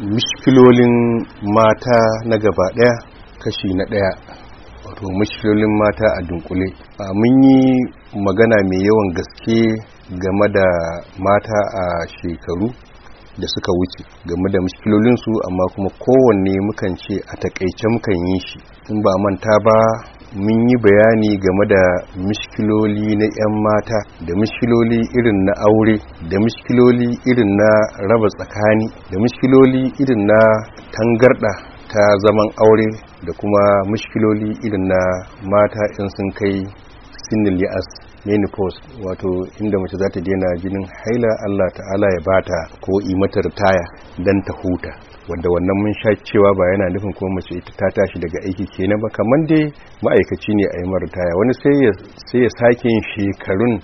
mishkilolin mata na gaba daya kashi na daya wato mishkilolin mata a dunkule a mun yi magana mai yawan gaske game da mata a shekaru da suka wuce game da mishkilolinsu amma kuma kowanne mukan ce a takaice mukan yi shi in ba manta ba mun yi bayani game da mishkiloli na 'yan mata da mishkiloli irin na aure da mishkiloli irin na raba tsakani da mishkiloli irin na tangarda ta zaman aure da kuma mishkiloli irin na mata in sun kai sinin li'as menopause wato inda mace za ta daina jinin haila allah ta'ala ya bata ko imatar taya don ta huta wanda wannan mun sha cewa ba yana nufin kuma mace ita ta tashi daga aiki kenan ba kamar dai ma'aikaci ne a yi maritaya wani sai ya sake yin shekarun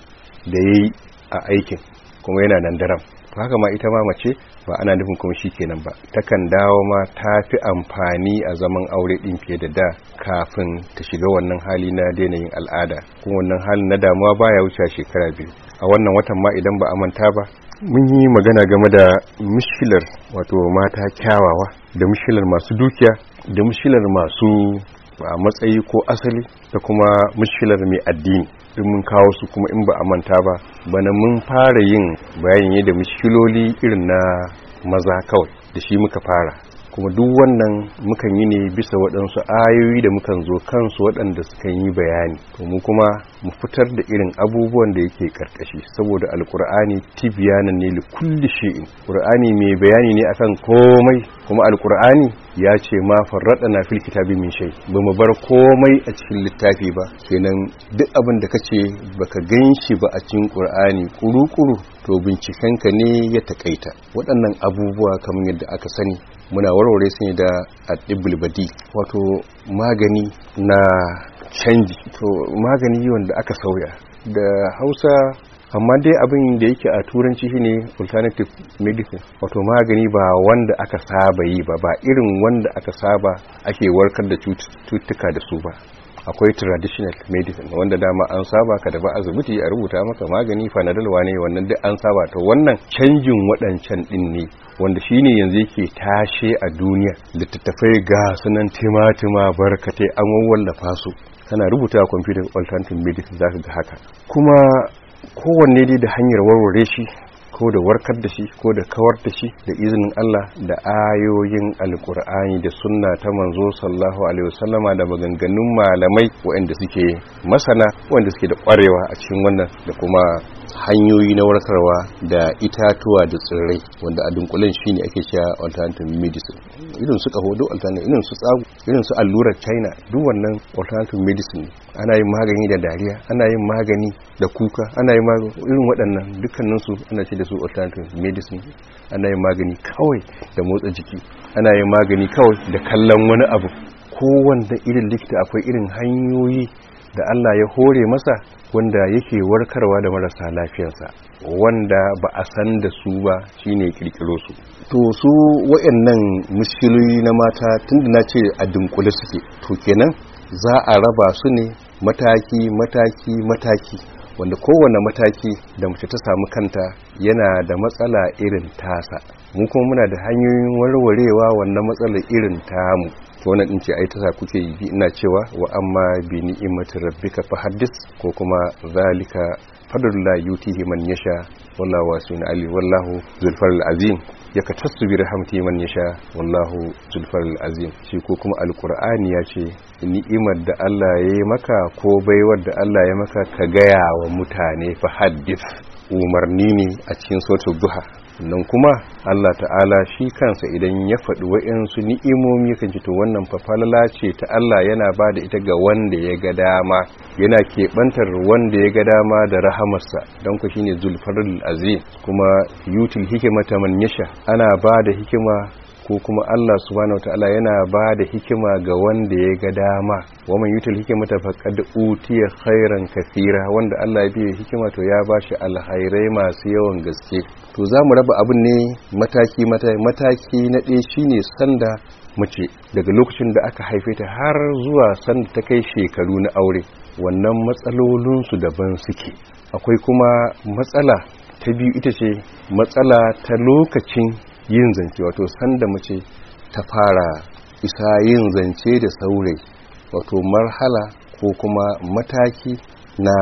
da ya yi a aikin kuma yana nan daram haka ma ita ma mace ba ana nufin kuma shi kenan ba takan dawo ma ta fi amfani a zaman aure ɗin fiye da da kafin ta shiga wannan hali na daina yin al'ada kuma wannan halin na damuwa baya wuce shekara biyu a wannan watan ma idan ba a manta ba mun yi magana game da mishilar wato mata kyawawa da mishilar masu dukiya da mishilar masu matsayi ko asali da kuma mishilar mai addini duk mun kawo su kuma in ba a manta ba bana mun fara yin bayan yadda mushkiloli irin na maza kawai da shi muka fara kuma duk wannan mukan yi ne bisa waɗansu ayoyi da mukan zo kansu waɗanda sukan yi bayani mu kuma mu fitar da irin abubuwan da yake karkashi saboda alkur'ani tibiyanan ne kulli shi'in qur'ani mai bayani ne akan komai kuma alkur'ani ya ce ma na fil kitabi min shay ba mu bar komai a cikin littafi ba kenan duk abin da kace baka ganshi ba a cikin qur'ani kuru-kuru to bincikanka ne ya takaita waɗannan abubuwa kamar yadda aka sani muna warware su ne da adibulbadi wato magani na canji to magani wanda aka sauya da hausa amma dai abin da yake a turanci shine alternative medicine wato magani ba wanda aka saba yi ba ba irin wanda aka saba ake warkar da cututtuka da su ba akwai traditional medicine wanda dama an saba ka da ba asibiti a rubuta maka magani fanadalwa ne wannan duk an saba to wannan canjin waɗancan ɗin ne wanda shine yanzu yake tashe a duniya littattafai ga sunan timatima barkatai an wallafa su kana rubuta computer alternative medicine zaka ga haka kuma kowanne dai da hanyar warware shi ko da warkar da shi ko da kawar da shi da izinin Allah da ayoyin alkur'ani da sunna ta manzo sallallahu alaihi wasallama da maganganun malamai waɗanda suke masana waɗanda suke da ƙwarewa a cikin wannan da kuma hanyoyi na warkarwa da itatuwa da tsirrai wanda a dunkulen ne ake cewa alternative medicine irin su kaho duk alternative irin su tsagu irin su allurar china duk wannan alternative medicine ana yin magani da dariya ana yin magani da kuka ana yin magani irin waɗannan dukkanin su ana ce da su alternative medicine ana yin magani kawai da motsa jiki ana yin magani kawai da kallon wani abu kowanda irin likita akwai irin hanyoyi da Allah ya hore masa wanda yake warkarwa da marasa lafiyarsa wanda ba a san da su ba shi ne kirkiro su to su nan, mushkiloli na mata tunda na ce a dunkule suke to kenan za a raba su ne mataki mataki mataki wanda kowane mataki da mace ta samu kanta yana da matsala irin tasa mu kuma muna da hanyoyin warwarewa wannan matsalar irin tamu wannan din ce ai ta kuke yi ina cewa wa amma bi ni'imati rabbika fa haddis ko kuma zalika fadlullah yutihi man yasha wallahu wasi'un ali wallahu zulfar azim ya ka tasbi rahmati man yasha wallahu zulfarul azim shi ko kuma alqur'ani ya ce ni'imar da Allah ya yi maka ko baiwar da Allah ya maka ka gaya wa mutane fa haddis umarni ne a cikin suratul duha nan kuma Allah ta'ala shi kansa idan ya faɗi wa'insu ni'imomi kan to wannan fafalala ce ta Allah yana ba da ita ga wanda ya ga dama yana keɓantar wanda ya ga dama da rahamarsa don ku ne zulfarar azim kuma yutul hikima ta manyasha, ana ba da hikima ko kuma Allah subhanahu wataala yana ba da hikima ga wanda ya ga dama wa man ta hikmata faqad utiya khairan kafira, wanda Allah ya biya hikima to ya ba shi alhairai masu yawan gaske to za mu raba abin ne mataki mataki mataki na ɗaya shine sanda mace daga lokacin da aka haife ta har zuwa sanda ta kai shekaru na aure wannan matsalolinsu daban suke akwai kuma matsala ta biyu ita ce matsala ta lokacin yin zance wato sanda mace ta fara isa yin zance da saurayi wato marhala ko kuma mataki na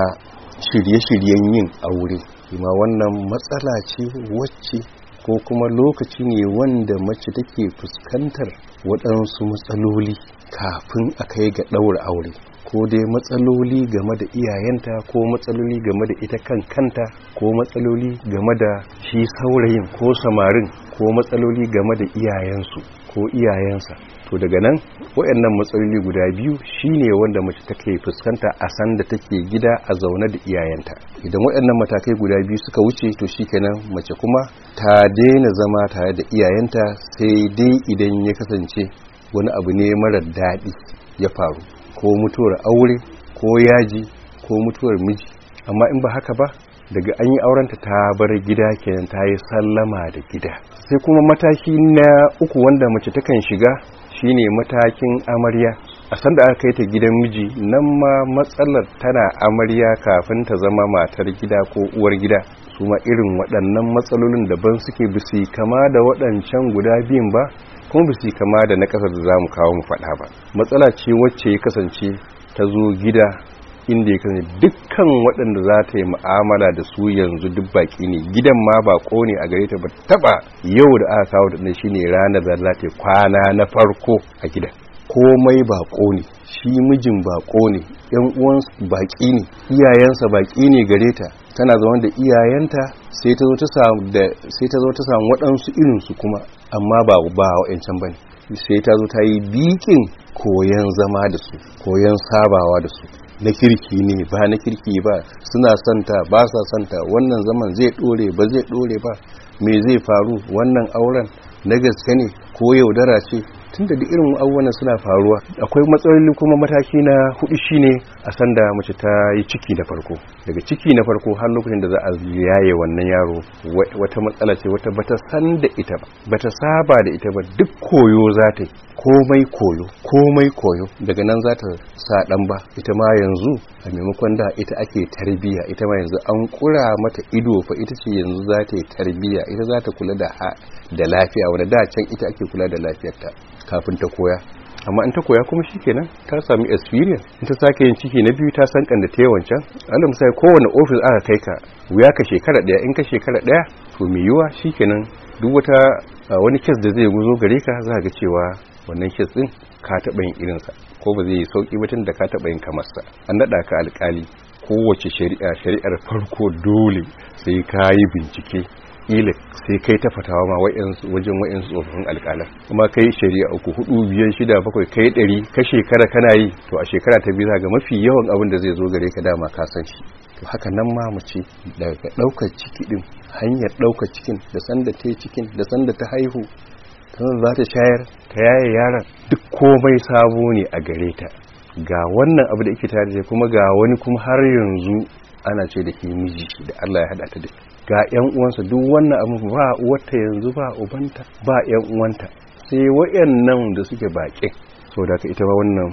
shirye-shiryen yin aure ima wannan matsala ce wacce ko kuma lokaci ne wanda mace take fuskantar waɗansu matsaloli kafin a kai ga ɗaura aure ko dai matsaloli game da iyayenta ko matsaloli game da ita kan kanta ko matsaloli game da shi saurayin ko samarin ko matsaloli game da iyayensu ko iyayensa to daga nan waɗannan matsaloli guda biyu shine wanda mace take fuskanta a sanda take gida a zaune da iyayenta idan waɗannan matakai guda biyu suka wuce to shi shikenan mace kuma ta daina zama tare da iyayenta sai dai idan ya kasance wani abu ne mara daɗi ya faru ko mutuwar aure ko yaji ko mutuwar miji amma in ba haka ba daga an yi aurenta ta bar gida kenan ta yi sallama da gida sai kuma mataki na uku wanda mace takan shiga shine matakin amarya a sanda aka kai ta gidan miji nan ma matsalar tana amarya kafin ta zama matar gida ko uwar gida su ma irin waɗannan matsalolin daban suke bisi kama da waɗancan guda biyun ba kuma bisi kama da na ƙasar da za mu kawo mu faɗa ba matsala ce wacce ya kasance ta zo gida inda ya kasance dukkan waɗanda za ta yi ma'amala da su yanzu duk baƙi ne gidan ma ba ne a gare ta ba taba yau da aka kawo da shine ranar da za ta kwana na farko a gidan komai ba ne shi mijin baƙo ne yan uwansu baƙi ne iyayensa baƙi ne gare ta tana zaune da iyayenta sai ta zo ta samu waɗansu irinsu kuma amma ba ba wa'ancan bane sai ta zo ta yi bikin koyan zama da su koyan sabawa da su na kirki ne ba na kirki ba suna santa ba sa santa wannan zaman zai dore ba zai dore ba me zai faru wannan auren na gaske ne ko yaudara ce tun da irin abubuwan suna faruwa akwai matsaloli kuma mataki na hudu shine a sanda mace ta yi ciki na farko daga ciki na farko har lokacin da za a yaye wannan yaro wata matsala ce wata bata san da ita ba bata saba da ita ba duk koyo za ta yi komai koyo komai koyo daga nan za ta sa dan ba ita ma yanzu a maimakon da ita ake tarbiya ita ma yanzu an kura mata ido fa ita ce yanzu za ta yi tarbiya ita za ta kula da da lafiya wanda da can ita ake kula da lafiyarta kafin ta koya amma in ta koya kuma shikenan ta sami experience in ta sake yin ciki na biyu ta san kan da ta yawancan alal ko kowane office aka kai ka wuya ka shekara daya in ka shekara daya to mai yiwa shikenan duk wata wani kes da zai zo gare ka za ga cewa wannan kes din ka taɓa yin irin sa ko ba zai yi sauki ba tun da ka taɓa yin kamarsa an naɗa ka alƙali kowace shari'a shari'ar farko dole sai ka yi bincike kila sai kai ta fatawa ma wa'yansu wajen wa'yansu tsofaffin alƙalan kuma kai shari'a uku hudu biyar shida bakwai kai ɗari ka shekara kana yi to a shekara ta biyu ga mafi yawan abin da zai zo gare ka dama ka san shi to haka nan ma mu ce daga ɗaukar ciki ɗin hanyar ɗaukar cikin da sanda ta yi cikin da sanda ta haihu sannan za ta shayar ta yaye yaran duk komai sabo ne a gare ta ga wannan abu da ake tare da kuma ga wani kuma har yanzu ana ce da ke miji da Allah ya hada ta da ga 'yan uwansa duk wannan abu ba wata yanzu ba ubanta ba 'yan uwanta sai wayannan da suke baƙi da ka ita ba wannan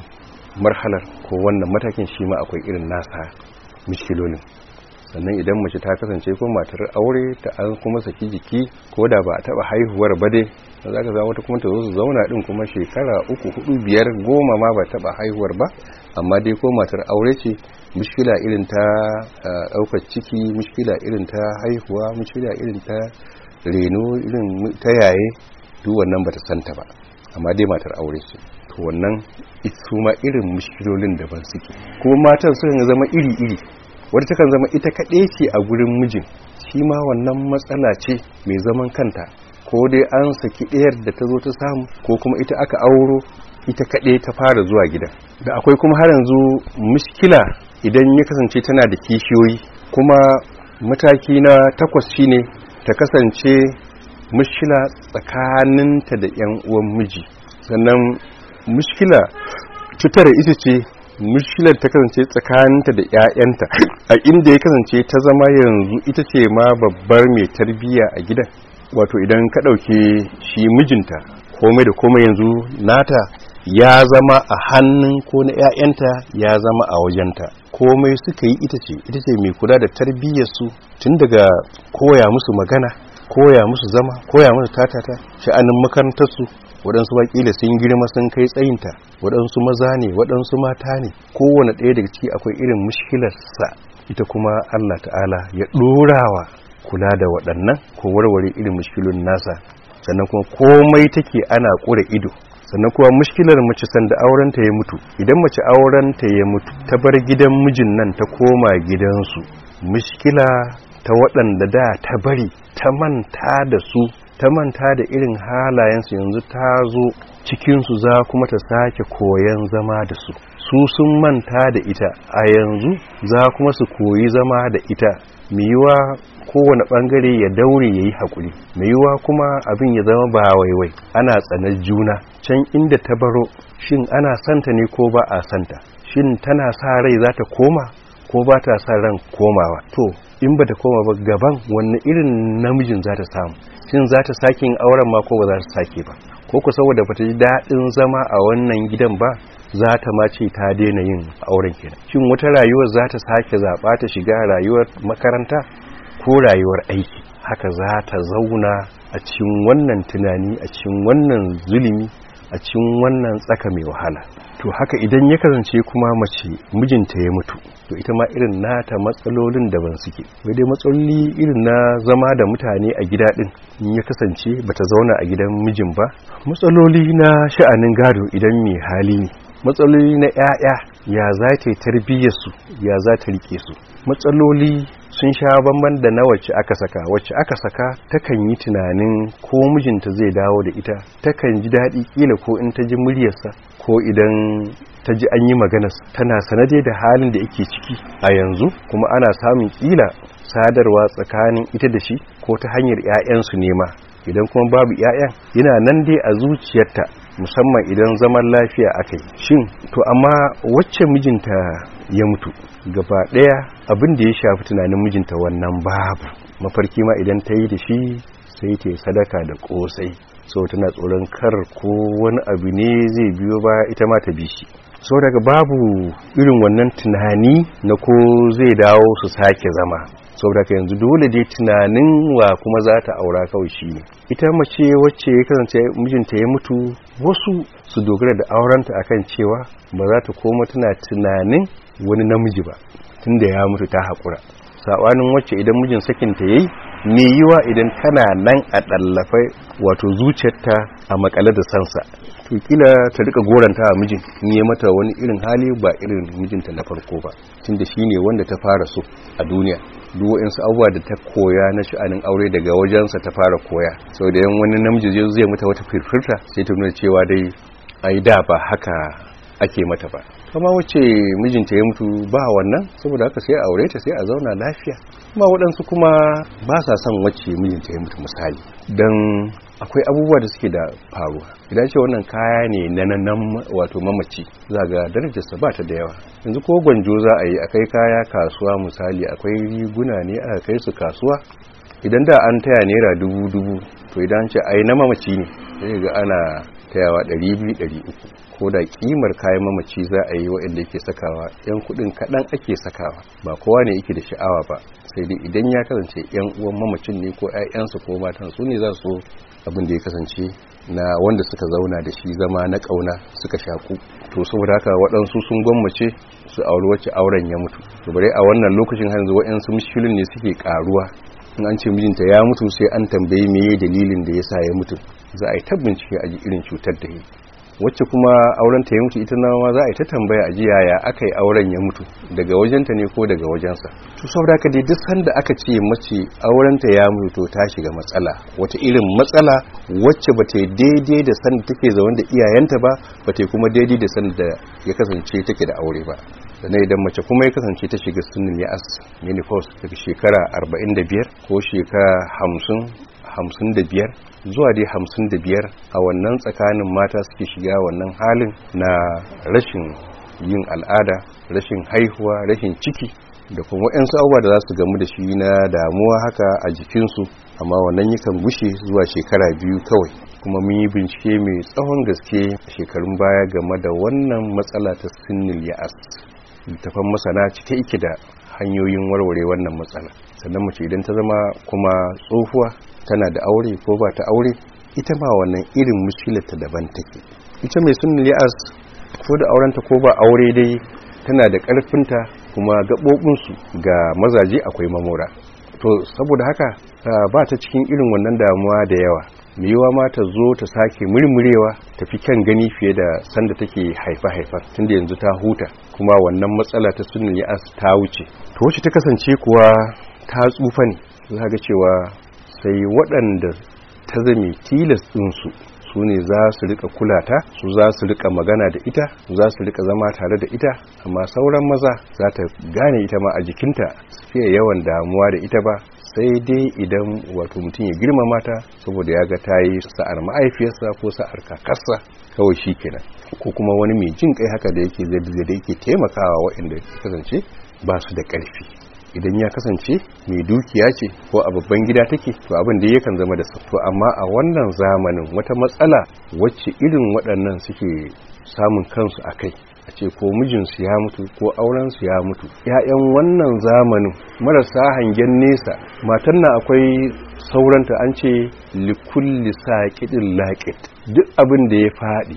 marhalar ko wannan matakin shi ma akwai irin nasa mishkilolin sannan idan mace ta kasance ko matar aure ta an kuma saki jiki ko da ba a taba haihuwar ba dai za ka zama wata kuma ta zo su zauna din kuma shekara uku hudu biyar goma ma ba taba haihuwar ba amma dai ko matar aure ce mushkila irin ta ɗaukar ciki mushkila irin ta haihuwa mushkila irin ta reno irin ta yaye duk wannan bata santa ba amma dai matar aure su to wannan su ma irin mushkilolin da ban suke kuma matan sukan zama iri iri wadda takan zama ita kaɗai ce a gurin mijin shi ma wannan matsala ce mai zaman kanta ko dai an saki ɗayar da ta zo ta samu ko kuma ita aka auro ita kaɗai ta fara zuwa gidan da akwai kuma har yanzu mushkila idan ya kasance tana da kishiyoyi kuma mataki na takwas shine ta kasance mushkila tsakaninta da 'yan uwan miji sannan mushkila cutar ita ce mushkilar ta kasance tsakaninta da 'ya'yanta a inda ya kasance ta zama yanzu ita ce ma babbar mai tarbiyya a gidan wato idan ka ɗauke shi mijinta komai da komai yanzu nata ya zama a hannun ko na 'ya'yanta ya zama a wajenta komai suka yi ita ce ita ce mai kula da tarbiyyarsu tun daga koya musu magana koya musu zama koya musu tatata sha'anin makarantarsu waɗansu ba ƙila sun girma sun kai tsayinta waɗansu maza ne waɗansu mata ne kowane ɗaya daga ciki akwai irin mushkilarsa ita kuma allah ta'ala ya ɗorawa kula da waɗannan ko warware irin mushkilun nasa sannan kuma komai take ana ƙure ido sannan kuma mashkilar mace sanda auren ta ya mutu idan mace auren ta ya mutu ta bar gidan mijin nan ta koma gidansu mashkila ta waɗanda da ta bari ta manta da su ta manta da irin halayensu yanzu ta zo cikinsu za kuma ta sake koyon zama da su su sun manta da ita a yanzu za kuma su koyi zama da ita yiwa kowane bangare ya daure ya yi haƙuri mai yiwuwa kuma abin ya zama ba waiwai ana tsanar juna can inda ta baro shin ana santa ne ko ba a santa shin tana sa rai za ta koma ko ba ta sa ran komawa to in ba ta koma ba gaban wanne irin namijin za ta samu shin za ta sake yin auren ma ko ba za ta sake ba ko ku saboda ba ta ji daɗin zama a wannan gidan ba za ta ma ce ta daina yin auren kenan shin wata rayuwar za ta sake zaɓa ta shiga rayuwar makaranta ko rayuwar aiki haka za ta zauna a cikin wannan tunani a cikin wannan zulumi a cikin wannan tsaka mai wahala to haka idan ya kasance kuma mace mijinta ya mutu to ita ma irin nata matsalolin da ban suke sai dai matsaloli irin na zama da mutane a gida din in ya kasance bata zauna a gidan mijin ba matsaloli na sha'anin gado idan mai hali ne matsaloli na 'ya'ya ya za ta yi tarbiyyarsu ya za ta rike su matsaloli sun sha bamban da na wacce aka saka wacce aka saka takan yi tunanin ko mijinta zai dawo da ita takan ji daɗi kila ko in ta ji muryarsa ko idan ta ji an yi maganar tana sanade da halin da yake ciki a yanzu kuma ana samun kila sadarwa tsakanin ita da shi ko ta hanyar 'ya'yansu nema idan kuma babu 'ya'yan yana nan dai a zuciyarta musamman idan zaman lafiya aka yi shin to amma wacce mijinta ya mutu gaba ɗaya abin da ya shafi tunanin mijinta wannan babu mafarki ma idan ta yi da shi sai ta sadaka da kosai so tana tsoron kar ko wani abu ne zai biyo ba ita ma ta bi shi so daga babu irin wannan tunani na ko zai dawo su sake zama saboda ka yanzu dole dai tunanin wa kuma za ta aura kawai shi ne ita mace wacce ya kasance mijinta ya mutu wasu su dogara da aurenta akan cewa ba za ta koma tana tunanin wani namiji ba tunda ya mutu ta haƙura saɓanin wacce idan mijin sakin ta yi ne yiwa idan tana nan a ɗallafai wato zuciyarta a makale da sansa to kila ta rika goranta a mijin ni yi mata wani irin hali ba irin mijinta na farko ba tunda shine wanda ta fara so a duniya duk su abuwa da ta koya na sha'anin aure daga wajensa ta fara koya sau da yan wani namiji zai mata wata firfirta sai ta nuna cewa dai ai da ba haka ake mata ba kama wacce mijinta ya mutu ba wannan saboda haka sai a aure ta sai a zauna lafiya kuma waɗansu kuma ba sa son wacce mijinta ya mutu misali don akwai abubuwa da suke da faruwa idan ce wannan kaya ne na nan wato mamaci za ga darajarsa ba ta da yawa yanzu ko gwanjo za a yi akai kaya kasuwa misali akwai riguna ne aka kai su kasuwa idan da an taya naira dubu dubu to idan ce ai na mamaci ne sai ga ana tayawa 200-300 ko da kimar kayan mamaci za a yi waɗanda yake sakawa yan kuɗin kaɗan ake sakawa ba kowa ne yake da sha'awa ba sai dai idan ya kasance yan uwan mamacin ne ko 'ya'yansa ko matan su ne za su abin da ya kasance na wanda suka zauna da shi zama na ƙauna suka shaku to saboda haka waɗansu sun gwammace su auri wacce auren ya mutu to bare a wannan lokacin har yanzu waɗansu mushilin ne suke ƙaruwa in an ce mijinta ya mutu sai an tambayi meye dalilin da yasa ya mutu za a yi ta a ji irin cutar da yi wacce kuma auren ta ya mutu ita nawa za a yi ta tambaya a jiya ya aka yi auren ya mutu daga wajenta ne ko daga wajensa to saboda ka dai duk sanda aka ce mace auren ta ya mutu to ta shiga matsala wata irin matsala wacce ba ta daidai da sanda take zaune da iyayenta ba ba ta kuma daidai da sanda ya kasance take da aure ba sannan idan mace kuma ya kasance ta shiga sunan ya as menopause daga shekara 45 ko shekara 50 hamsin biyar zuwa dai hamsin da biyar a wannan tsakanin mata suke shiga wannan halin na rashin yin al'ada rashin haihuwa rashin ciki da kuma waɗansu abubuwa da za su gamu da shi na damuwa haka a jikinsu amma wannan yakan gushe zuwa shekara biyu kawai kuma mun yi bincike mai tsawon gaske a shekarun baya game da wannan matsala ta ya as, littafan masana cike ike da hanyoyin warware wannan matsala sannan mace idan ta zama kuma tsohuwa tana da aure ko ba ta aure ita ma wannan irin mushkilarta daban take ita mai sunan li'as ko da aurenta ko ba aure dai tana da ƙarfinta kuma gaɓoɓinsu ga mazaje akwai mamora. to saboda haka ba ta cikin irin wannan damuwa da yawa miyuwa ma ta zo ta sake murmurewa ta fi kyan gani fiye da sanda take haifa-haifa tunda yanzu ta huta kuma wannan matsala ta sunan li'as ta wuce to wacce ta kasance kuwa ta tsufa ne za ga cewa sai waɗanda ta zame tilas ɗinsu su ne za su rika kulata su za su rika magana da ita su za su rika zama tare da ita amma sauran maza za ta gane ita ma a jikinta fiye yawan damuwa da ita ba sai dai idan wato mutum ya girma mata saboda ya ga ta yi sa'ar ma'aifiyarsa ko sa'ar kakarsa kawai shi kenan ko kuma wani mai jin kai haka da yake zai da yake taimakawa waɗanda kasance ba su da ƙarfi idan ya kasance mai dukiya ce ko a babban gida take to abin da yakan zama da sato amma a wannan zamanin wata matsala wacce irin waɗannan suke samun kansu a kai a ce ko mijinsu ya mutu ko aurensu ya mutu ‘ya'yan wannan zamanin marasa hangen nesa matan na akwai sauranta an ce likulli sa kidin laƙit duk abin da ya faɗi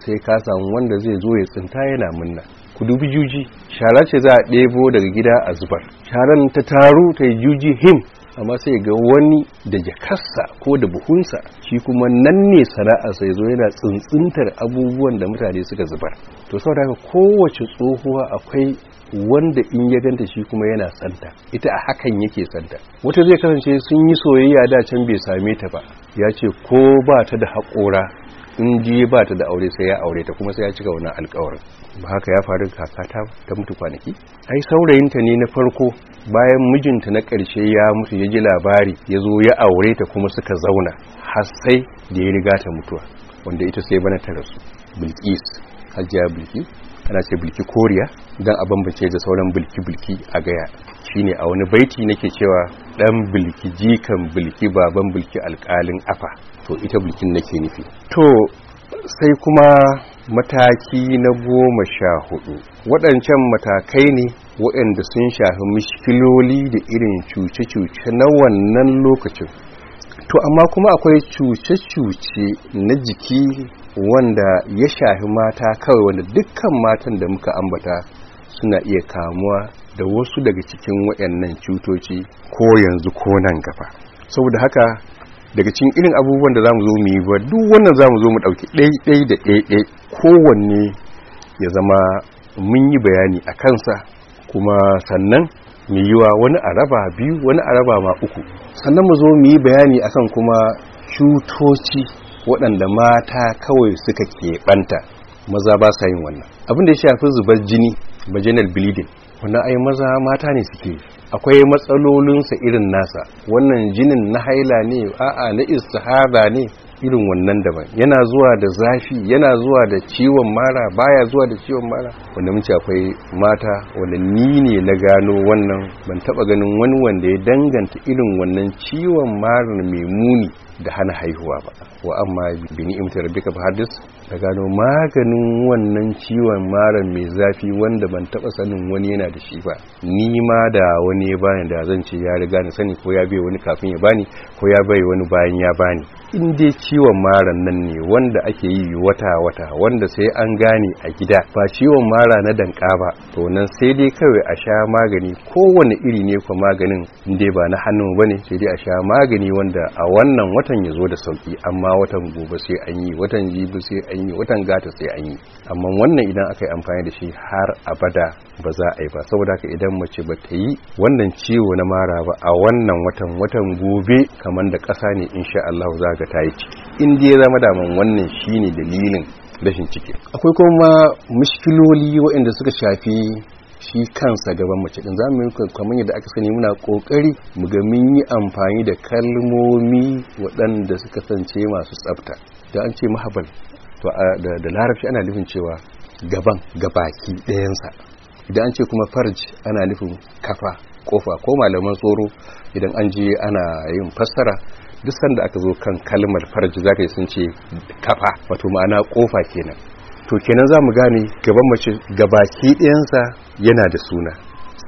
sai ka samu wanda zai zo ya tsinta yana munna ku dubi juji shara ce za a ɗebo daga gida a zubar sharan ta taru ta yi juji him amma sai ga wani da jakarsa ko da buhunsa shi kuma nan ne sana'a sai zo yana tsintsintar abubuwan da mutane suka zubar to saboda haka kowace tsohuwa akwai wanda in ya ganta shi kuma yana santa ita a hakan yake santa wata zai kasance sun yi soyayya da can bai same ta ba ya ce ko ba ta da haƙora in ji ba ta da aure sai ya aure ta kuma sai ya cika wannan alkawarin ba haka ya faru kakata ta mutu kwanaki ai saurayinta ne na farko bayan mijinta na ƙarshe ya mutu ya ji labari ya zo ya aure ta kuma suka zauna har sai da ya riga ta mutuwa wanda ita sai bana ta rasu bilkis hajiya bilkis ana ce bilki koriya don a bambance da sauran bilki bilki a gaya shine a wani baiti nake cewa dan bilki jikan bilki baban bilki alkalin afa to ita bilkin nake nufi to sai kuma mataki na goma sha hudu waɗancan matakai ne waɗanda sun shafi mishkiloli da irin cuce-cuce na wannan lokacin to amma kuma akwai cuce-cuce na jiki wanda ya shafi mata kawai wanda dukkan matan da muka ambata suna iya kamuwa da wasu daga cikin waɗannan cutoci ko yanzu ko nan gaba saboda haka daga cikin irin abubuwan da zamu zo mu yi ba duk wannan zamu zo mu ɗauki ɗai-ɗai da ɗai-ɗai kowanne ya zama mun yi bayani a kansa kuma sannan mu yi wa wani araba biyu wani araba ma uku sannan mu zo mu yi bayani akan kuma cutoci waɗanda mata kawai suka keɓanta maza ba sa yin wannan abin da ya shafi zubar jini vaginal bleeding wannan ai maza mata ne suke akwai matsalolinsa irin nasa wannan jinin na haila ne a'a na istihada ne irin wannan daban yana zuwa da zafi yana zuwa da ciwon mara baya zuwa da ciwon mara wanda mun akwai mata wanda ni ne na gano wannan ban taba ganin wani wanda ya danganta irin wannan ciwon mara mai muni da hana haihuwa ba wa amma bini imtar bika fa hadis da gano maganin wannan ciwon mara mai zafi wanda ban taba sanin wani yana da shi ba ni ma da wani ya bani da zan ce ya riga ni sani ko ya bai wani kafin ya bani ko ya bai wani bayan ya bani in dai ciwon mara nan ne wanda ake yi wata-wata wanda sai an gane a gida ba ciwon mara na danka ba to nan sai dai kawai a sha magani kowane iri ne kuma maganin in dai ba na hannu ba ne sai dai a sha magani wanda a wannan watan ya zo da sauki amma watan gobe sai an yi watan jibi sai an yi watan gata sai an yi amma wannan idan aka yi amfani da shi har abada ba za a yi ba saboda haka idan mace ba ta yi wannan ciwo na mara ba a wannan watan watan gobe kamar da ƙasa ne insha Allah za Ka ta yi ciki in dai zama daman wannan shine dalilin rashin ciki akwai kuma mushkiloli waɗanda suka shafi shi kansa gaban mace din zamu yi kamar yadda aka sani muna ƙoƙari mu ga mun yi amfani da kalmomi waɗanda suka sance masu tsafta da an ce mahabal to da larabci ana nufin cewa gaban gabaki ɗayansa idan an ce kuma farj ana nufin kafa kofa ko malaman tsoro idan an je ana yin fassara duk sanda aka zo kan kalmar farji zaka sun ce kafa wato ma'ana kofa kenan to kenan za mu gane gaban mace gabaki ɗayansa yana da suna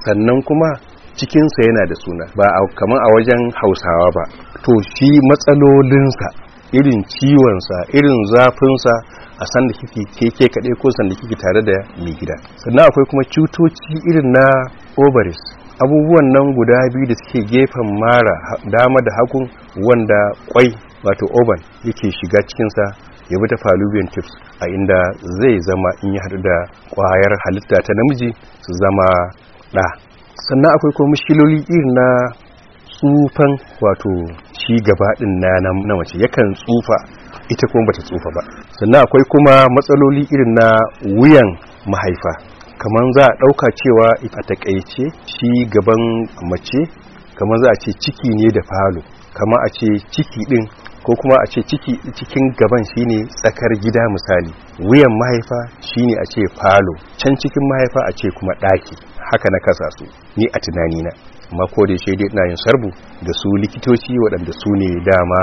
sannan kuma cikinsa yana da suna ba kamar a wajen hausawa ba to shi matsalolinsa irin ciwonsa irin zafinsa a sanda kike keke kaɗai ko sanda kike tare da mai gida sannan akwai kuma cutoci irin na ovaries abubuwan nan guda biyu da suke gefen mara dama da hakun wanda kwai wato oban yake shiga cikinsa ya bi ta fallopian tips a inda zai zama in yi haɗu da kwayar halitta ta namiji su zama ɗa sannan akwai kuma shiloli irin na tsufan wato shi gabaɗin na na mace yakan tsufa ita kuma bata tsufa ba sannan akwai kuma matsaloli irin na wuyan mahaifa kamar za a ɗauka cewa a takaice shi gaban mace kamar za a ce ciki ne da falo kamar a ce ciki ɗin ko kuma a ce cikin gaban shi ne tsakar gida misali wuyan mahaifa shi ne a ce falo can cikin mahaifa a ce kuma ɗaki haka na kasa su ni a na amma ko da shaidai ina yin sarbu da su likitoci waɗanda su ne dama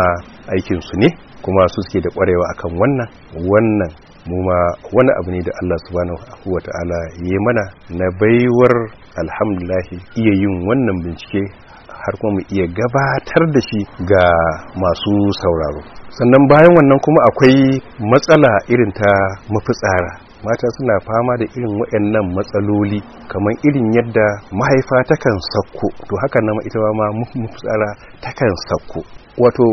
aikinsu ne kuma su suke da ƙwarewa akan wannan wannan mu ma wani abu ne da Allah subhanahu wa ta'ala ya mana na baiwar alhamdulahi iya yin wannan bincike har kuma mu iya gabatar da shi ga masu sauraro sannan bayan wannan kuma akwai matsala irin ta mafitsara mata suna fama da irin waɗannan matsaloli kamar irin yadda mahaifa takan sakko to haka nan ita ma mafitsara takan sakko wato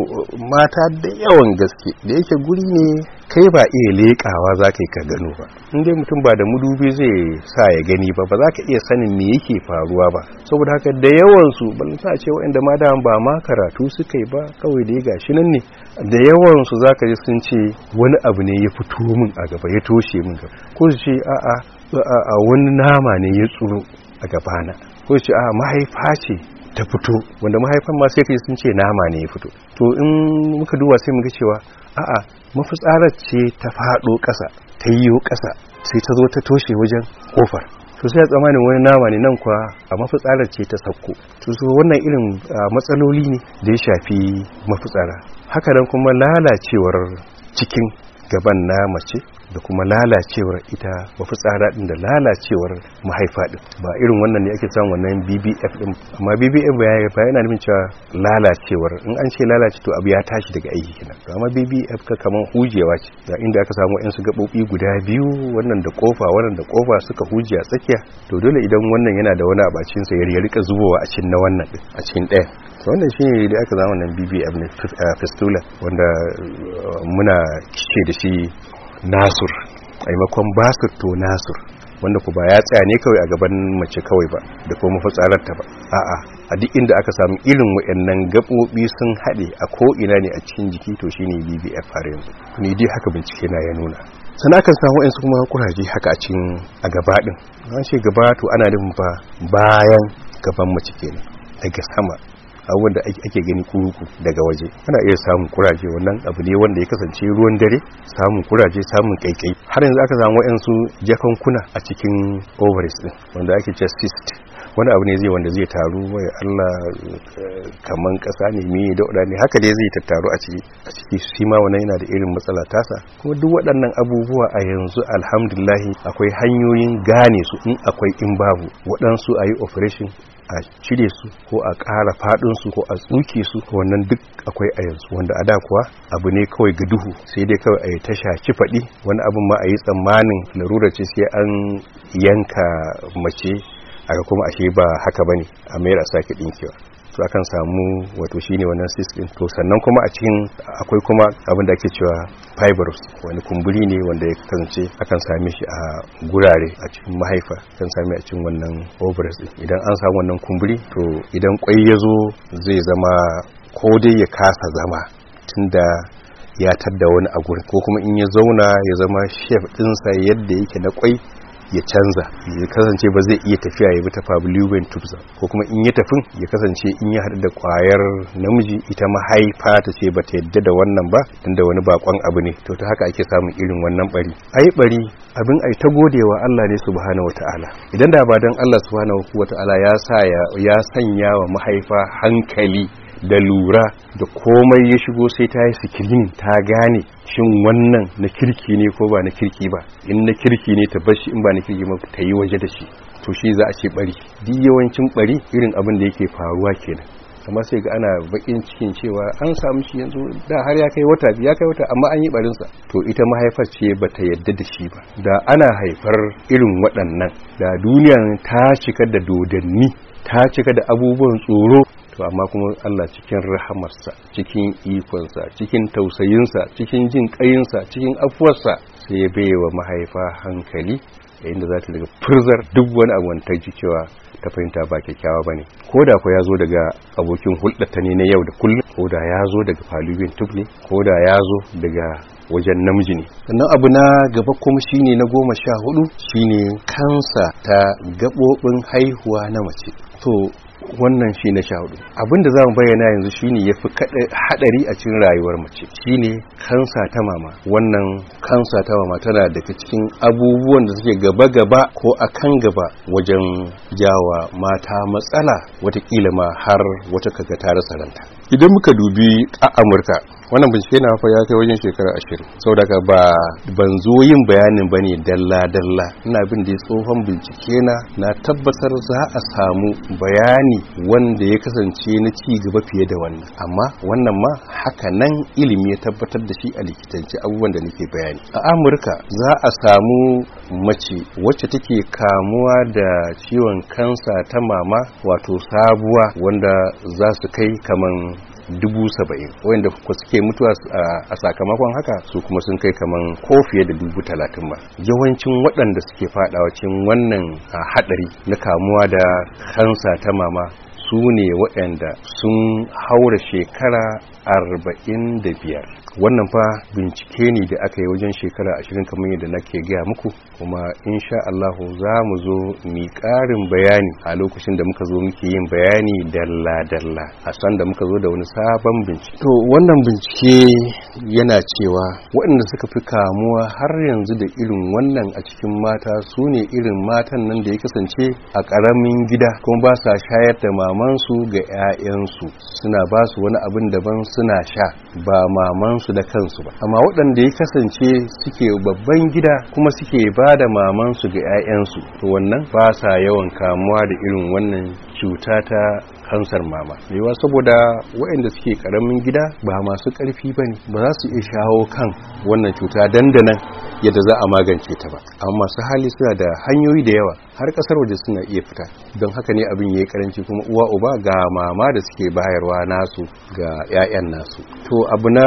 mata da yawan gaske da yake guri ne kai ba iya leƙawa za ka yi ka gano ba inda mutum ba da mudubi zai sa ya gani ba ba za ka iya sanin me yake faruwa ba saboda haka da yawansu sa ce waɗanda ma da ba ma karatu suka yi ba kawai da ya gashi nan ne da yawansu za ka ji sun ce wani abu ne ya fito min a gaba ya toshe min gaba ko su ce a'a a wani nama ne ya tsuro a gabana ko su ce a'a mahaifa ce ta fito wanda mahaifan ma sai sun ce nama ne ya fito to in muka duba sai muka cewa a'a mafitsarar ce ta faɗo ƙasa ta yiwo ƙasa sai ta zo ta toshe wajen kofar to sai a tsamanin wani nama ne nan kuwa a mafitsarar ce ta sauko to so wannan irin matsaloli ne da ya shafi mafitsara haka nan kuma lalacewar cikin gaban na mace da kuma lalacewar ita ba tsara ɗin da lalacewar mahaifa ɗin ba irin wannan ne ake samun wannan BBF din amma BBF ba yana nufin cewa lalacewar in an ce lalace to abu ya tashi daga aiki kenan to amma BBF ka kaman hujewa ce da inda aka samu yan su gabobi guda biyu wannan da kofa wannan da kofa suka huje a tsakiya to dole idan wannan yana da wani abacin sa ya rika zubowa a cikin na wannan a cikin ɗaya wannan shi ne da aka zama nan bbf ne eh, fistula wanda eh, muna kike da shi nasur aimakon basur to nasur wanda ku ba ya tsaya ne kawai a gaban mace kawai ba da kuma mafitsararta ba a'a a duk inda aka samu irin wayannan gabobi sun haɗe a ko'ina ne a cikin jiki to shi shine BBF har yanzu ni dai haka bincike na ya nuna sana kan samu wayansu kuma kuraje haka a cikin a gaba ɗin an ce gaba to ana nufin ba bayan gaban mace kenan daga sama abubuwan da ake gani kuruku daga waje ana iya samun kuraje wannan abu ne wanda ya kasance ruwan dare samun kuraje samun kaikai har yanzu aka samu wayansu jakankuna a cikin ovaries din wanda ake cyst wani abu ne zai wanda zai taru wai Allah kaman kasa ne me da ne haka dai zai tattaru a ciki a ciki shi ma wannan yana da irin matsala tasa kuma duk waɗannan abubuwa a yanzu alhamdulillah akwai hanyoyin gane su in akwai in babu waɗansu ayi yi operation a cire su ko a ƙara faɗin su ko a tsuke su wannan duk akwai a yanzu wanda a da kuwa abu ne kawai ga duhu sai dai kawai a yi tasha ci faɗi wani abin ma a yi tsammanin larura ce sai an yanka mace aka kuma ashe ba haka ba ne a mayar a sake ɗinkewa to akan samu wato shine wannan cyst to sannan kuma a cikin akwai kuma abin da ake cewa fibers wani kumburi ne wanda ya kasance akan same shi a gurare a cikin mahaifa kan same a cikin wannan ovaries idan an samu wannan kumburi to idan kwai ya zo zai zama ko dai ya kasa zama tunda ya tadda wani a gurin ko kuma in ya zauna ya zama shef ɗinsa yadda yake na kwai ya canza ya kasance ba zai iya tafiya ya bi ta fabliwen tubza ko kuma in ya tafin ya kasance in ya haɗu da kwayar namiji ita mahaifa ta ce ba ta yadda da wannan ba dan da wani bakon abu ne to ta haka ake samun irin wannan bari ai bari abin ai ta godewa Allah ne subhanahu wataala idan da ba dan Allah subhanahu wataala ya sa ya sanya wa mahaifa hankali da lura da komai ya shigo sai ta yi sikilin ta gane shin wannan na kirki ne ko ba na kirki ba in na kirki ne ta bashi in ba na kirki ba ta yi waje da shi to shi za a ce bari duk yawancin bari irin abin da yake faruwa kenan amma sai ga ana bakin cikin cewa an samu shi yanzu da har ya kai wata biya kai wata amma an yi barinsa to ita mahaifar ce ba ta yadda da shi ba da ana haifar irin waɗannan da duniyan ta cika da dodanni ta cika da abubuwan tsoro to amma kuma Allah cikin rahamarsa cikin ikonsa cikin tausayinsa cikin jin ƙayinsa cikin afuwarsa sai ya baiwa mahaifa hankali inda za ta daga furzar duk wani abu ta ji cewa ta fahimta ba kyakkyawa ba ne. ko da ko ya zo daga abokin hulɗa ta ne na yau da kullum ko da ya zo daga falubin tubli ko da ya zo daga wajen namiji ne sannan abu na gaba kuma shine na goma sha hudu shine kansa ta gaɓoɓin haihuwa na mace to wannan shi na sha hudu abin da za mu bayyana yanzu shine ya fi hadari a cikin rayuwar mace Shi ne kansa ta mama wannan kansa ta mama tana daga cikin abubuwan da suke gaba-gaba ko a kan gaba wajen jawa mata matsala watakila ma har wata kaga ta rasa ranta idan muka dubi a amurka wannan bincike na fa ya kai wajen shekara ashirin saboda ba ban zo yin bayanin ba ne dalla dalla ina bin da tsohon bincike na na tabbatar za a samu bayani wanda ya kasance na ci gaba fiye da wannan amma wannan ma haka nan ilimi ya tabbatar da shi a likitanci abubuwan da nake bayani a amurka za a samu mace wacce take kamuwa da ciwon kansa ta mama wato sabuwa wanda za su kai kaman dubu saba'in wanda suke mutuwa a sakamakon haka su kuma sun kai kaman ko fiye da dubu talatin ba yawancin waɗanda suke faɗawa cikin wannan haɗari na kamuwa da kansa ta mama su ne waɗanda sun haura shekara arba'in da biyar wannan fa bincike ne da aka yi wajen shekara ashirin kamar yadda nake gaya muku kuma insha Allah za mu zo mu ƙarin bayani a lokacin da muka zo muke yin bayani dalla-dalla a san da muka zo da wani sabon bincike to wannan bincike yana cewa waɗanda suka fi kamuwa har yanzu da irin wannan a cikin mata su ne irin matan nan da ya kasance a ƙaramin gida kuma ba sa shayar da mama mamansu ga 'ya'yansu suna ba su wani abin daban suna sha ba mamansu da kansu ba amma waɗanda ya kasance suke babban gida kuma suke ba da mamansu ga 'ya'yansu to wannan ba sa yawan kamuwa da irin wannan cuta ta kansar mama yawa saboda waɗanda suke karamin gida ba masu ƙarfi ba ne ba za su iya shawo kan wannan cuta dandanan yadda za a magance ta ba amma masu hali suna da hanyoyi da yawa har kasar waje suna iya fita don haka ne abin ya yi karanci kuma uwa uba ga mama da suke bayarwa nasu ga 'ya'yan nasu to abu na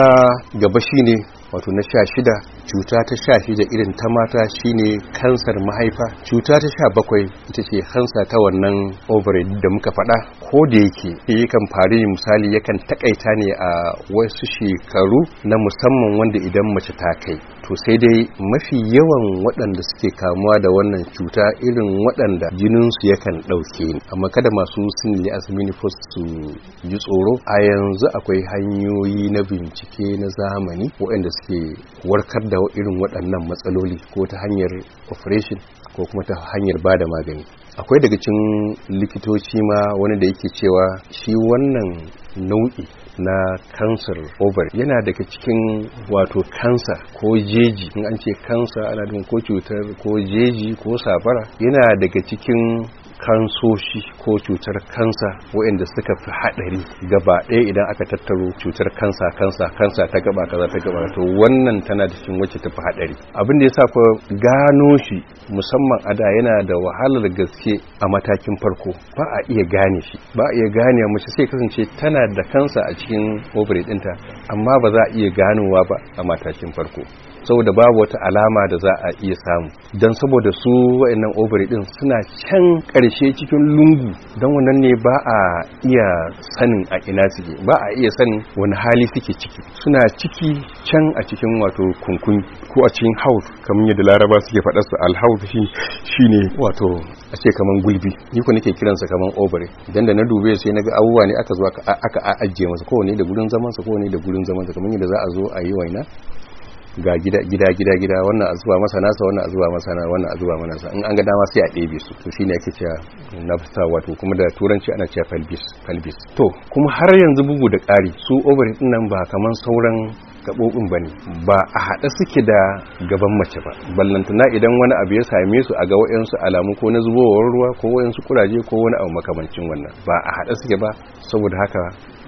gaba shi ne wato na sha shida cuta ta sha shida irin ta mata shine kansar mahaifa cuta ta sha bakwai ita ce hansa ta wannan ovary da muka faɗa ko da yake eh, yakan faru ne misali yakan takaita ne a wasu shekaru na musamman wanda idan mace ta kai to sai dai mafi yawan waɗanda suke kamuwa da wannan cuta irin waɗanda jininsu yakan ɗauke ne amma kada masu sinili asimilifos su yi tsoro a yanzu akwai hanyoyi na bincike na zamani waɗanda suke warkar da irin waɗannan matsaloli ko ta hanyar operation ko kuma ta hanyar ba da magani akwai daga cikin likitoci ma wani da yake cewa shi wannan nau'i na kansar ovary yana daga cikin wato kansa ko jeji in an ce kansa ana nufin ko cutar ko jeji ko safara yana daga cikin kansoshi ko cutar kansa waɗanda suka fi haɗari gaba ɗaya idan aka tattaro cutar kansa kansa kansa ta gaba kaza ta gaba to wannan tana da cikin wacce ta fi haɗari abin da ya sa ku gano shi musamman a da yana da wahalar gaske a matakin farko ba a iya gane shi ba a iya gane mace sai kasance tana da kansa a cikin ovary ɗinta amma ba za a iya ganowa ba a matakin farko saboda babu wata alama da za a iya samu don saboda su wa'annan ovary din suna can karshe cikin lungu don wannan ne ba a iya sanin a ina suke ba a iya sanin wani hali suke ciki suna ciki can a cikin wato kunkun ko a cikin haus kamar yadda laraba suke faɗa su alhaus shi shine wato a ce kamar gulbi ni ku nake kiransa kamar ovary idan da na dube sai naga abubuwa ne aka zo aka ajiye masa kowane da gurin zaman sa kowane da gurin zaman sa kamar yadda za a zo a yi waina ga gida gida gida gida wannan a zuba masa nasa wannan a zuba masa na wannan a zuba mana sa in an ga dama sai a ɗebe su to shine ake cewa fita wato kuma da turanci ana cewa falbis pelvis to kuma har yanzu bugu da ƙari su ovaries nan ba kaman sauran gabobin ba ne ba a haɗa suke da gaban mace ba ballantana idan wani abu ya same su a ga wa'yansu alamu ko na zubowar ruwa ko wa'yansu kuraje ko wani abu makamancin wannan ba a haɗa suke ba saboda haka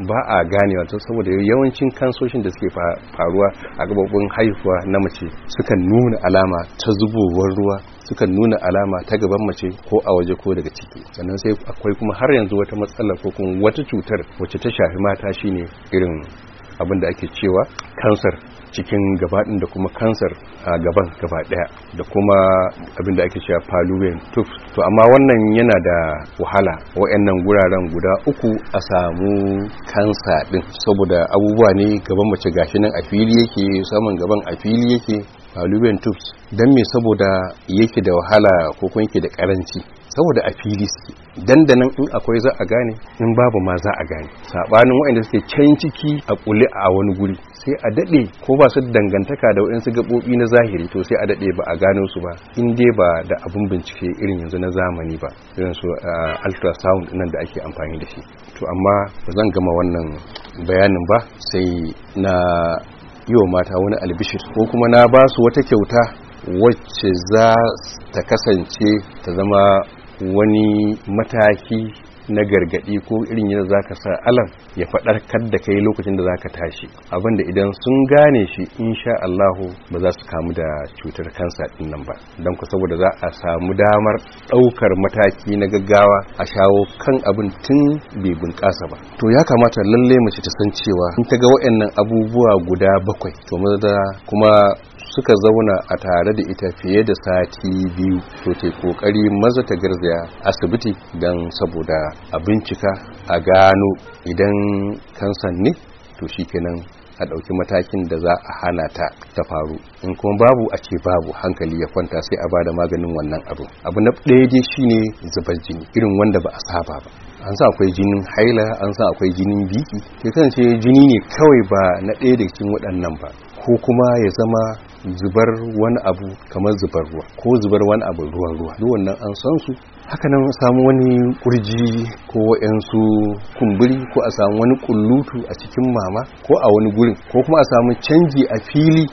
ba a ganewa saboda yawancin kansoshin da suke faruwa a gabobin haihuwa na mace sukan nuna alama ta zubowar ruwa sukan nuna alama ta gaban mace ko a waje ko daga ciki sannan sai akwai kuma har yanzu wata matsala ko kuma wata cutar wacce ta shafi mata shine irin abin da ake cewa kansar cikin gabaɗin da kuma kansar a gaban gaba ɗaya da kuma abin da ake cewa paluwen tuf to amma wannan yana da wahala wa'annan guraren guda uku a samu kansa ɗin saboda abubuwa ne gaban mace gashi nan a fili yake saman gaban a fili yake paluwen tuf don me saboda yake da wahala ko kuma yake da karanci saboda a fili suke dandanan in akwai za a gane in babu ma za a gane sabanin waɗanda suke can ciki a ƙuli a wani guri sai a daɗe ko ba su dangantaka da waɗansu gaɓoɓi na zahiri to sai a daɗe ba a gano su ba in dai ba da abun bincike irin yanzu na zamani ba irin su ah, ultrasound nan da ake amfani da shi to amma ba zan gama wannan bayanin ba sai na yi wa mata wani albishir ko kuma na ba su wata kyauta wacce za ta kasance ta zama wani mataki na gargadi ko irin yadda za ka sa alam ya faɗarkar da kai lokacin da za ka tashi abinda idan sun gane shi insha Allahu ba za su kamu da cutar kansa ɗin nan ba don ku saboda za a samu damar ɗaukar mataki na gaggawa a shawo kan abin tun bai bunƙasa ba to ya kamata lalle mace ta san cewa in ta ga waɗannan abubuwa guda bakwai to maza kuma suka zauna a tare da ita fiye da sati biyu to ta kokari maza ta garzaya asibiti don saboda a bincika a gano idan kansan ne to shi kenan a ɗauki matakin da za a hana ta ta faru in kuma babu a ce babu hankali ya kwanta sai a bada maganin wannan abu abu na ɗaya dai shine zubar jini irin wanda ba a saba ba an sa akwai jinin haila an sa akwai jinin biki ke jini ne kawai ba na ɗaya da cikin waɗannan ba ko kuma ya zama zubar wani abu kamar zubar ruwa ko zubar wani abu ruwan ruwa duk wannan an san su haka nan samu wani kurji ko wa'yansu kumburi ko a samu wani kullutu a cikin mama ko a wani gurin ko kuma a samu canji a fili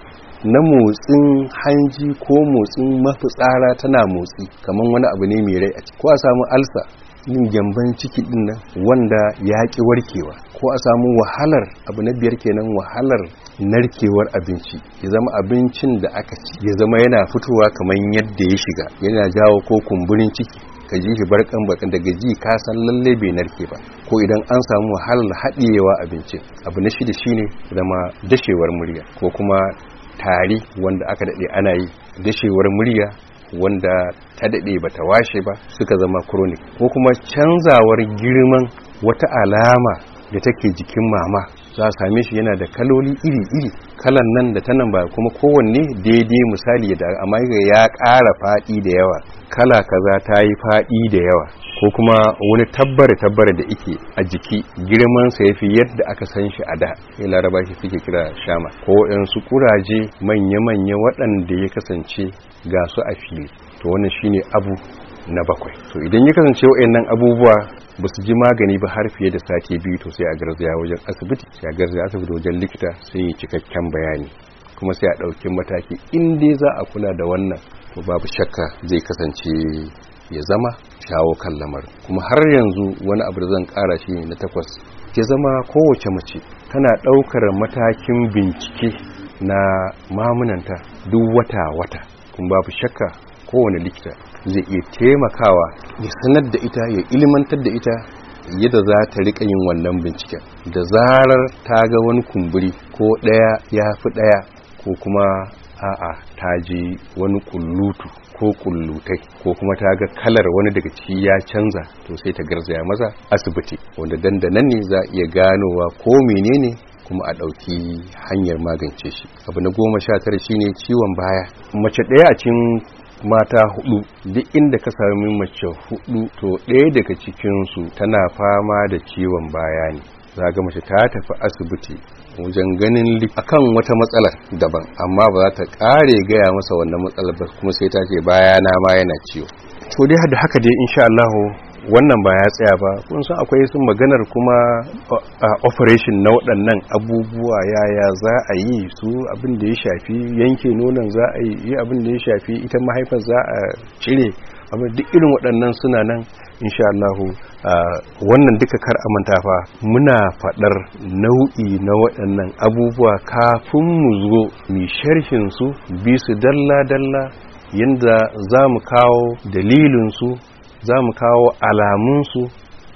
na motsin hanji ko motsin mafitsara tana motsi kamar wani abu ne mai rai a ciki ko a samu alsa yin gyamban ciki din nan wanda ya ki warkewa ko a samu wahalar abu na biyar kenan wahalar narkewar abinci ya zama abincin da aka ci ya zama yana fitowa kamar yadda ya shiga yana jawo ko kumburin ciki ka ji shi barkan baka daga ji ka san lalle bai narke ba ko idan an samu wahalar haɗiyewa abinci abu na shida shine zama dashewar murya ko kuma tari wanda aka daɗe ana yi dashewar murya wanda ta daɗe ba ta washe ba suka zama chronic ko kuma canzawar girman wata alama da take jikin mama za a same shi yana da kaloli iri-iri kalan nan da ta nan ba kuma kowanne daidai misali da amma ya ƙara faɗi da yawa kala kaza ta yi faɗi da yawa ko kuma wani tabbare tabbare da ike a jiki girman sa yafi yadda aka san shi a da ya laraba shi suke kira shama ko waɗansu kuraje manya-manya waɗanda ya kasance ga su a fili to wannan shine abu na bakwai to idan ya kasance wa'annan abubuwa ba su ji magani ba har fiye da sati biyu to sai a garzaya wajen asibiti sai a garzaya asibiti wajen likita sai ya cikakken bayani kuma sai a ɗauki mataki in dai za a kula da wannan to babu shakka zai kasance ya zama shawo kan lamar kuma har yanzu wani abu da zan ƙara shi na takwas ya zama kowace mace tana ɗaukar matakin bincike na mamunanta duk wata-wata kuma babu shakka kowane likita zai iya taimakawa ya sanar da ita ya ilimantar da ita yadda za ta rika yin wannan binciken da zarar ta ga wani kumburi ko ɗaya ya fi ɗaya ko kuma a'a ta ji wani kullutu ko kullutai ko kuma ta ga kalar wani daga ciki ya canza to sai ta garzaya maza asibiti wanda dandanan ne za iya ganowa ko menene kuma a ɗauki hanyar magance shi abu na goma sha tara shine ciwon baya mace ɗaya a cikin mata hudu duk inda ka sami mace hudu to ɗaya daga cikinsu tana fama da ciwon baya ne zaga mace ta tafi asibiti wajen ganin akan wata matsalar daban amma ba za ta kare gaya masa wannan matsalar ba kuma sai ta ce baya na ma yana ciwo to dai da haka dai insha Allah wannan ba ya tsaya ba kun san akwai sun maganar kuma operation na waɗannan abubuwa yaya za a yi su abin da ya shafi yanke nonon za a yi abin da ya shafi ita mahaifar za a cire amma duk irin waɗannan suna nan insha Allah wannan duka kar amanta fa muna faɗar nau'i na waɗannan abubuwa kafin mu zo mu sharhin su bi su dalla dalla yanda za mu kawo dalilinsu za mu kawo alamunsu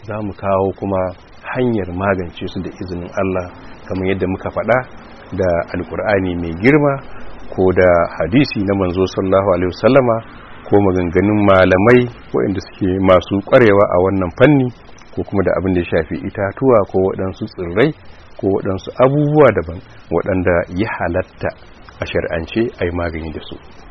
za mu kawo kuma hanyar magance su da izinin Allah kamar yadda muka faɗa da alkur'ani mai girma ko da hadisi na manzo sallahu alaihi wasallama ko maganganun malamai waɗanda suke masu ƙwarewa a wannan fanni ko kuma da abin da ya shafi itatuwa ko waɗansu tsirrai ko waɗansu abubuwa daban waɗanda ya halatta a shari'ance a yi magani da su